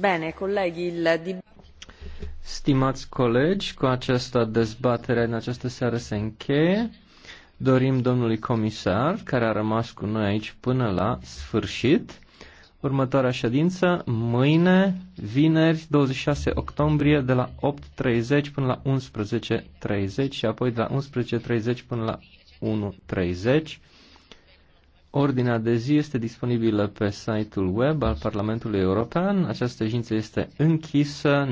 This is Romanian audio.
Bine, colegi, il... Stimați colegi, cu această dezbatere în această seară se încheie. Dorim domnului comisar, care a rămas cu noi aici până la sfârșit, următoarea ședință mâine, vineri, 26 octombrie, de la 8.30 până la 11.30 și apoi de la 11.30 până la 1.30. Ordinea de zi este disponibilă pe site-ul web al Parlamentului European. Această ședință este închisă.